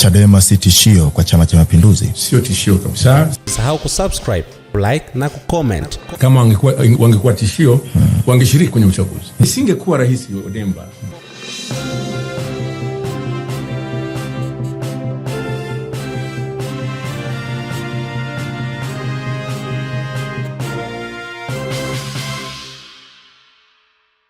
Chadema si tishio kwa Chama cha Mapinduzi, sio tishio kabisa. Sahau kusubscribe, like na kucomment. Kama wangekuwa wangekuwa tishio, hmm, wangeshiriki kwenye uchaguzi. Isingekuwa rahisi Odemba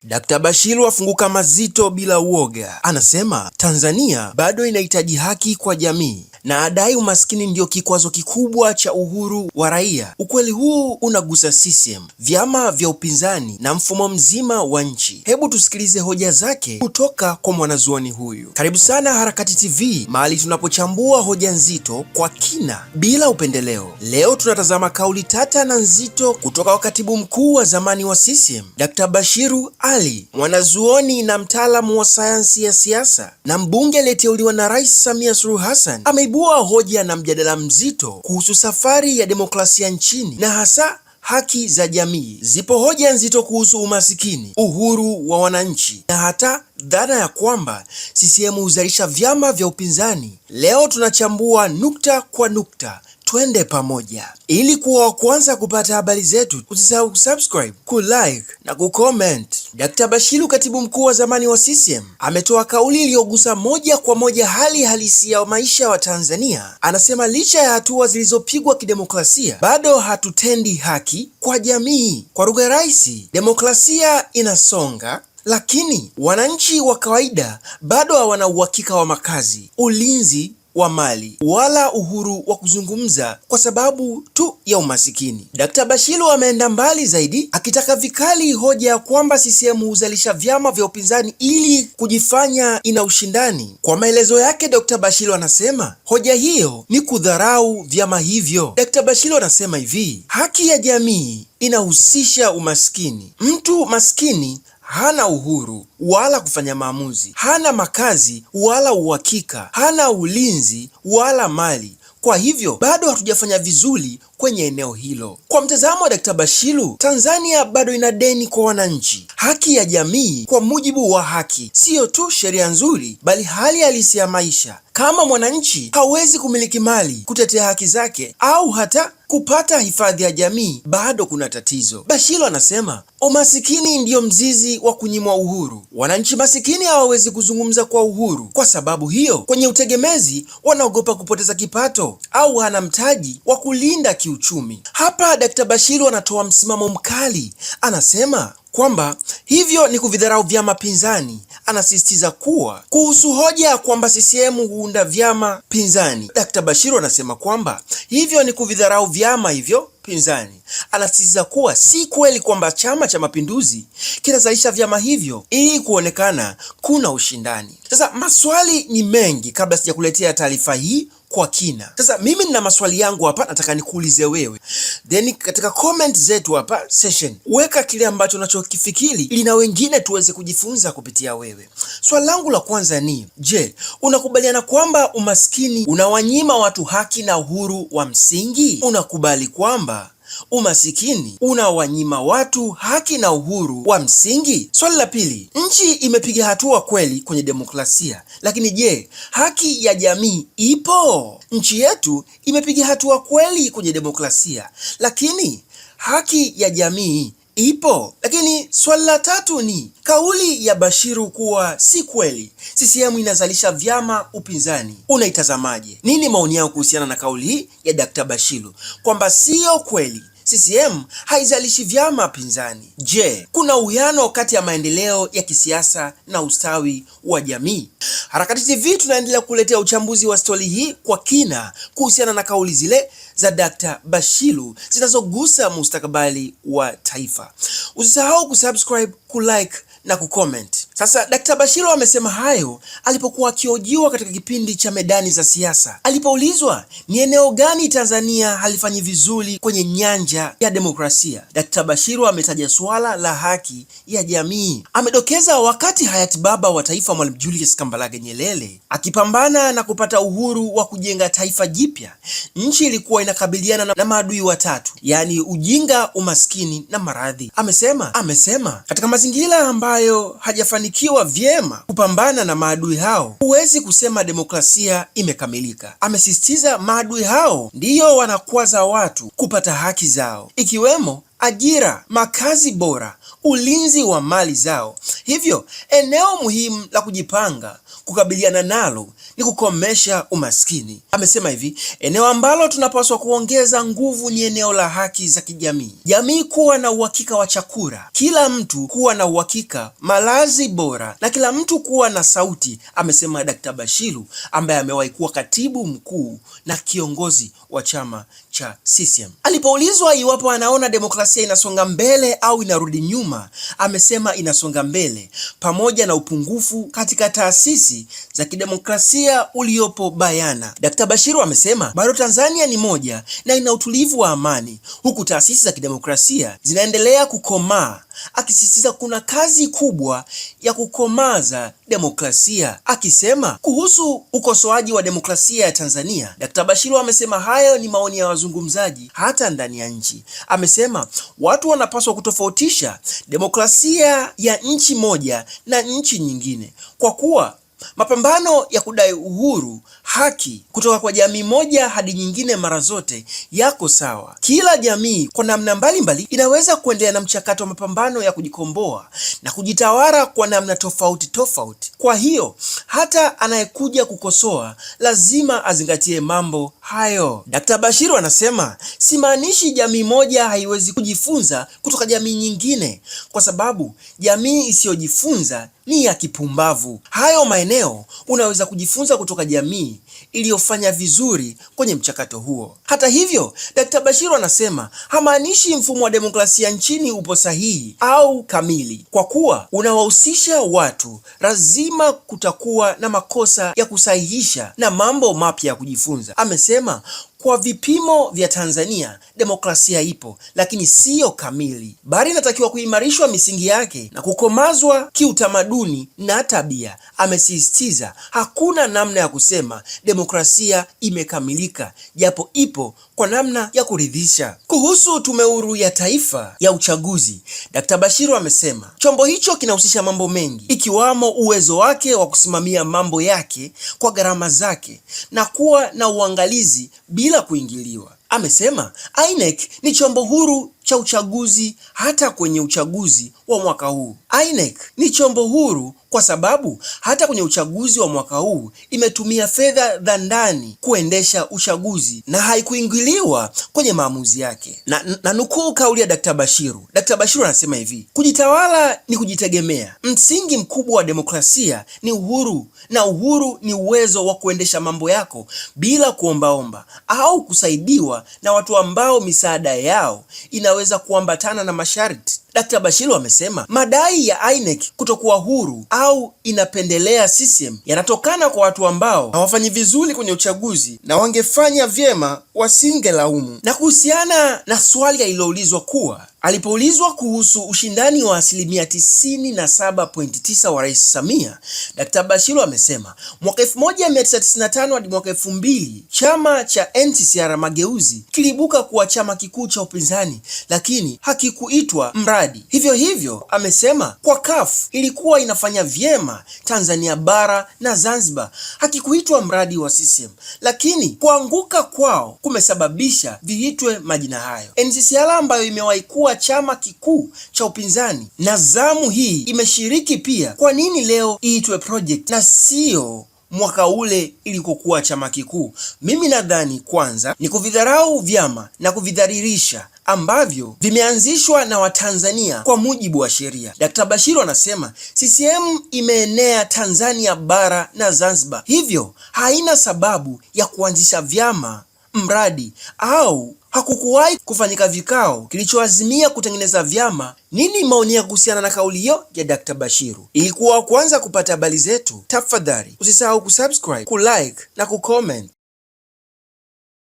Dkt. Bashiru afunguka mazito bila uoga, anasema Tanzania bado inahitaji haki kwa jamii na adai umaskini ndio kikwazo kikubwa cha uhuru wa raia. Ukweli huu unagusa CCM, vyama vya upinzani na mfumo mzima wa nchi. Hebu tusikilize hoja zake kutoka kwa mwanazuoni huyu. Karibu sana Harakati TV, mahali tunapochambua hoja nzito kwa kina bila upendeleo. Leo tunatazama kauli tata na nzito kutoka kwa katibu mkuu wa zamani wa CCM, Dr. Bashiru Ali, mwanazuoni na mtaalamu wa sayansi ya siasa na mbunge aliyeteuliwa na Rais Samia Suluhu Hassan ame Kumeibua hoja na mjadala mzito kuhusu safari ya demokrasia nchini na hasa haki za jamii. Zipo hoja nzito kuhusu umasikini, uhuru wa wananchi na hata dhana ya kwamba CCM huzalisha vyama vya upinzani. Leo tunachambua nukta kwa nukta twende pamoja. Ili kuwa wa kwanza kupata habari zetu, usisahau kusubscribe, kulike na kucomment. Dkt. Bashiru, katibu mkuu wa zamani wa CCM, ametoa kauli iliyogusa moja kwa moja hali halisi ya maisha wa Tanzania. Anasema licha ya hatua zilizopigwa kidemokrasia, bado hatutendi haki kwa jamii. Kwa lugha rahisi, demokrasia inasonga lakini wananchi wa kawaida bado hawana uhakika wa makazi, ulinzi wa mali wala uhuru wa kuzungumza kwa sababu tu ya umasikini. Dkt. Bashiru ameenda mbali zaidi akitaka vikali hoja ya kwamba CCM huzalisha vyama vya upinzani ili kujifanya ina ushindani. Kwa maelezo yake, Dkt. Bashiru anasema hoja hiyo ni kudharau vyama hivyo. Dkt. Bashiru anasema hivi, haki ya jamii inahusisha umaskini. Mtu maskini hana uhuru wala kufanya maamuzi, hana makazi wala uhakika, hana ulinzi wala mali. Kwa hivyo bado hatujafanya vizuri kwenye eneo hilo. Kwa mtazamo wa Dkt. Bashiru, Tanzania bado ina deni kwa wananchi. Haki ya jamii kwa mujibu wa haki siyo tu sheria nzuri, bali hali halisi ya maisha. Kama mwananchi hawezi kumiliki mali, kutetea haki zake, au hata kupata hifadhi ya jamii, bado kuna tatizo. Bashiru anasema umasikini ndiyo mzizi wa kunyimwa uhuru. Wananchi masikini hawawezi kuzungumza kwa uhuru. Kwa sababu hiyo, kwenye utegemezi, wanaogopa kupoteza kipato au hana mtaji wa kulinda ki kiuchumi. Hapa Dkt. Bashiru anatoa msimamo mkali, anasema kwamba hivyo ni kuvidharau vyama pinzani. Anasisitiza kuwa kuhusu hoja ya kwamba CCM huunda vyama pinzani, Dkt. Bashiru anasema kwamba hivyo ni kuvidharau vyama hivyo pinzani. Anasisitiza kuwa si kweli kwamba Chama cha Mapinduzi kinazalisha vyama hivyo ili kuonekana kuna ushindani. Sasa maswali ni mengi kabla sijakuletea taarifa hii kwa kina. Sasa mimi nina maswali yangu hapa, nataka nikuulize wewe, then katika comment zetu hapa session weka kile ambacho unachokifikiri ili na wengine tuweze kujifunza kupitia wewe. Swali langu la kwanza ni je, unakubaliana kwamba umaskini unawanyima watu haki na uhuru wa msingi? Unakubali kwamba umasikini unawanyima watu haki na uhuru wa msingi. Swali la pili, nchi imepiga hatua kweli kwenye demokrasia, lakini je, haki ya jamii ipo? Nchi yetu imepiga hatua kweli kwenye demokrasia, lakini haki ya jamii ipo? Lakini swali la tatu ni kauli ya Bashiru kuwa si kweli CCM inazalisha vyama upinzani, unaitazamaje? Nini maoni yao kuhusiana na kauli hii ya Dkt. Bashiru kwamba siyo kweli CCM haizalishi vyama pinzani. Je, kuna uwiano kati ya maendeleo ya kisiasa na ustawi wa jamii? Harakati TV tunaendelea kuletea uchambuzi wa stori hii kwa kina kuhusiana na kauli zile za Dkt. Bashiru zinazogusa mustakabali wa taifa. Usisahau kusubscribe, kulike na kucomment. Sasa Dkt. Bashiru amesema hayo alipokuwa akiojiwa katika kipindi cha Medani za Siasa, alipoulizwa ni eneo gani Tanzania halifanyi vizuri kwenye nyanja ya demokrasia. Dkt. Bashiru ametaja swala la haki ya jamii. Amedokeza wakati hayati baba wa taifa Mwalimu Julius Kambarage Nyerere akipambana na kupata uhuru wa kujenga taifa jipya, nchi ilikuwa inakabiliana na maadui watatu, yaani ujinga, umaskini na maradhi. Amesema amesema katika mazingira ambayo hajafanya imeshughulikiwa vyema kupambana na maadui hao, huwezi kusema demokrasia imekamilika. Amesisitiza maadui hao ndiyo wanakwaza watu kupata haki zao, ikiwemo ajira, makazi bora, ulinzi wa mali zao. Hivyo eneo muhimu la kujipanga kukabiliana nalo ni kukomesha umaskini. Amesema hivi, eneo ambalo tunapaswa kuongeza nguvu ni eneo la haki za kijamii, jamii kuwa na uhakika wa chakula, kila mtu kuwa na uhakika malazi bora, na kila mtu kuwa na sauti, amesema Dkt. Bashiru ambaye amewahi kuwa katibu mkuu na kiongozi wa chama cha CCM. Alipoulizwa iwapo anaona demokrasia inasonga mbele au inarudi nyuma, amesema inasonga mbele pamoja na upungufu katika taasisi taasisi za kidemokrasia uliopo bayana. Dkt. Bashiru amesema bado Tanzania ni moja na ina utulivu wa amani, huku taasisi za kidemokrasia zinaendelea kukomaa akisisitiza kuna kazi kubwa ya kukomaza demokrasia. Akisema kuhusu ukosoaji wa demokrasia ya Tanzania, Dkt. Bashiru amesema hayo ni maoni ya wazungumzaji hata ndani ya nchi. Amesema watu wanapaswa kutofautisha demokrasia ya nchi moja na nchi nyingine kwa kuwa mapambano ya kudai uhuru haki kutoka kwa jamii moja hadi nyingine mara zote yako sawa. Kila jamii kwa namna mbalimbali inaweza kuendelea na mchakato wa mapambano ya kujikomboa na kujitawala kwa namna tofauti tofauti. Kwa hiyo hata anayekuja kukosoa lazima azingatie mambo hayo. Dkt. Bashiru anasema simaanishi jamii moja haiwezi kujifunza kutoka jamii nyingine, kwa sababu jamii isiyojifunza ni ya kipumbavu. Hayo maeneo unaweza kujifunza kutoka jamii iliyofanya vizuri kwenye mchakato huo. Hata hivyo, Dkt. Bashiru anasema hamaanishi mfumo wa demokrasia nchini upo sahihi au kamili. Kwa kuwa unawahusisha watu, lazima kutakuwa na makosa ya kusahihisha na mambo mapya ya kujifunza, amesema. Kwa vipimo vya Tanzania demokrasia ipo, lakini siyo kamili, bali inatakiwa kuimarishwa misingi yake na kukomazwa kiutamaduni na tabia. Amesisitiza hakuna namna ya kusema demokrasia imekamilika, japo ipo kwa namna ya kuridhisha. Kuhusu Tume Huru ya Taifa ya Uchaguzi, Dkt. Bashiru amesema chombo hicho kinahusisha mambo mengi ikiwamo uwezo wake wa kusimamia mambo yake kwa gharama zake na kuwa na uangalizi bila kuingiliwa. Amesema INEC ni chombo huru cha uchaguzi hata kwenye uchaguzi wa mwaka huu. INEC ni chombo huru kwa sababu hata kwenye uchaguzi wa mwaka huu imetumia fedha za ndani kuendesha uchaguzi na haikuingiliwa kwenye maamuzi yake. Na, na nukuu kauli ya Dkt. Bashiru. Dkt. Bashiru anasema hivi: kujitawala ni kujitegemea. Msingi mkubwa wa demokrasia ni uhuru, na uhuru ni uwezo wa kuendesha mambo yako bila kuombaomba au kusaidiwa na watu ambao misaada yao ina yaweza kuambatana na masharti. Dkt. Bashiru amesema madai ya INEC kutokuwa huru au inapendelea CCM yanatokana kwa watu ambao hawafanyi vizuri kwenye uchaguzi na wangefanya vyema wasingelaumu. Na kuhusiana na swali aliloulizwa kuwa Alipoulizwa kuhusu ushindani wa asilimia 97.9 wa Rais Samia, Dkt. Bashiru amesema mwaka 1995 hadi mwaka 2000 chama cha NCCR Mageuzi kiliibuka kuwa chama kikuu cha upinzani, lakini hakikuitwa mradi. Hivyo hivyo, amesema kwa CUF ilikuwa inafanya vyema Tanzania bara na Zanzibar, hakikuitwa mradi wa CCM, lakini kuanguka kwao kumesababisha viitwe majina hayo. NCCR ambayo imewahi kuwa kuwa chama kikuu cha upinzani, na zamu hii imeshiriki pia. Kwa nini leo iitwe project na sio mwaka ule ilikokuwa chama kikuu? Mimi nadhani kwanza ni kuvidharau vyama na kuvidhalilisha ambavyo vimeanzishwa na Watanzania kwa mujibu wa sheria. Dkt. Bashiru anasema CCM imeenea Tanzania bara na Zanzibar, hivyo haina sababu ya kuanzisha vyama mradi au hakukuwahi kufanyika vikao kilichoazimia kutengeneza vyama. Nini maoni ya kuhusiana na kauli hiyo ya Dr. Bashiru? Ilikuwa wa kwanza kupata habari zetu, tafadhali usisahau kusubscribe, kulike na kucomment.